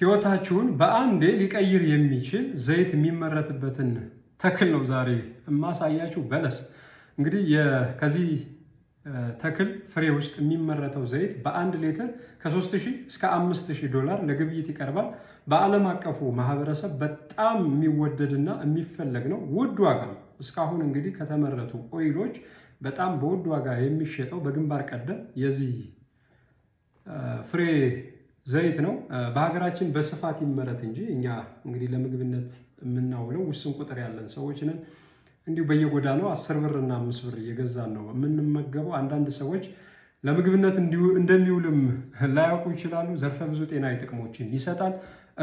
ህይወታችሁን በአንዴ ሊቀይር የሚችል ዘይት የሚመረትበትን ተክል ነው ዛሬ የማሳያችሁ። በለስ እንግዲህ ከዚህ ተክል ፍሬ ውስጥ የሚመረተው ዘይት በአንድ ሌትር ከ3000 እስከ 5000 ዶላር ለግብይት ይቀርባል። በዓለም አቀፉ ማህበረሰብ በጣም የሚወደድና የሚፈለግ ነው። ውድ ዋጋ ነው። እስካሁን እንግዲህ ከተመረቱ ኦይሎች በጣም በውድ ዋጋ የሚሸጠው በግንባር ቀደም የዚህ ፍሬ ዘይት ነው። በሀገራችን በስፋት ይመረት እንጂ እኛ እንግዲህ ለምግብነት የምናውለው ውስን ቁጥር ያለን ሰዎች ነን። እንዲሁ በየጎዳናው አስር ብር እና አምስት ብር እየገዛን ነው የምንመገበው። አንዳንድ ሰዎች ለምግብነት እንደሚውልም ላያውቁ ይችላሉ። ዘርፈ ብዙ ጤናዊ ጥቅሞችን ይሰጣል።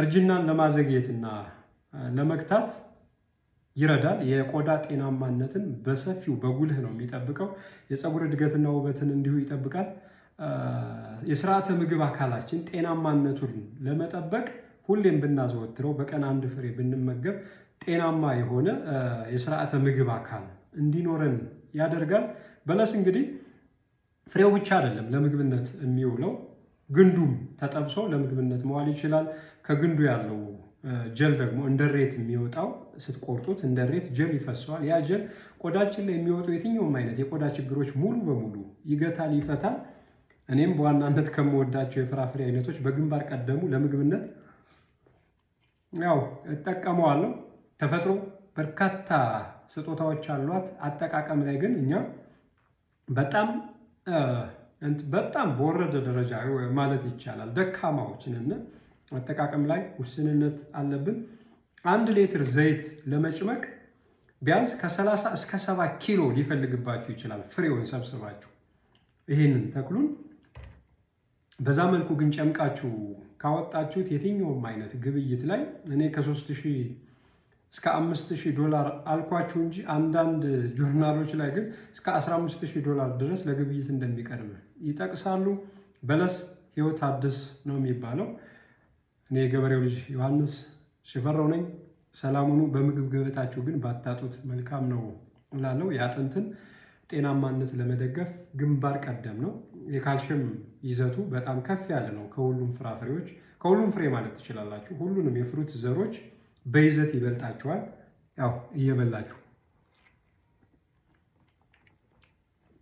እርጅናን ለማዘግየትና ለመግታት ይረዳል። የቆዳ ጤናማነትን በሰፊው በጉልህ ነው የሚጠብቀው። የፀጉር እድገትና ውበትን እንዲሁ ይጠብቃል። የስርዓተ ምግብ አካላችን ጤናማነቱን ለመጠበቅ ሁሌም ብናዘወትረው በቀን አንድ ፍሬ ብንመገብ ጤናማ የሆነ የስርዓተ ምግብ አካል እንዲኖረን ያደርጋል። በለስ እንግዲህ ፍሬው ብቻ አይደለም ለምግብነት የሚውለው፣ ግንዱም ተጠብሶ ለምግብነት መዋል ይችላል። ከግንዱ ያለው ጀል ደግሞ እንደ ሬት የሚወጣው ስትቆርጡት እንደ ሬት ጀል ይፈሰዋል። ያ ጀል ቆዳችን ላይ የሚወጡ የትኛውም አይነት የቆዳ ችግሮች ሙሉ በሙሉ ይገታል፣ ይፈታል። እኔም በዋናነት ከምወዳቸው የፍራፍሬ አይነቶች በግንባር ቀደሙ ለምግብነት ያው እጠቀመዋለሁ። ተፈጥሮ በርካታ ስጦታዎች አሏት። አጠቃቀም ላይ ግን እኛ በጣም በጣም በወረደ ደረጃ ማለት ይቻላል ደካማዎች ነን። አጠቃቀም ላይ ውስንነት አለብን። አንድ ሌትር ዘይት ለመጭመቅ ቢያንስ ከ30 እስከ 70 ኪሎ ሊፈልግባችሁ ይችላል። ፍሬውን ሰብስባችሁ ይህንን ተክሉን በዛ መልኩ ግን ጨምቃችሁ ካወጣችሁት የትኛውም አይነት ግብይት ላይ እኔ ከ ሺህ እስከ አምስት ዶላር አልኳችሁ እንጂ አንዳንድ ጆርናሎች ላይ ግን እስከ አስራ ዶላር ድረስ ለግብይት እንደሚቀርብ ይጠቅሳሉ። በለስ ህይወት አዲስ ነው የሚባለው። እኔ የገበሬው ልጅ ዮሐንስ ሽፈራው ነኝ። ሰላሙኑ በምግብ ገበታችሁ ግን ባታጡት መልካም ነው እላለሁ። የአጥንትን ጤናማነት ለመደገፍ ግንባር ቀደም ነው። የካልሽየም ይዘቱ በጣም ከፍ ያለ ነው። ከሁሉም ፍራፍሬዎች ከሁሉም ፍሬ ማለት ትችላላችሁ። ሁሉንም የፍሩት ዘሮች በይዘት ይበልጣቸዋል ያው እየበላችሁ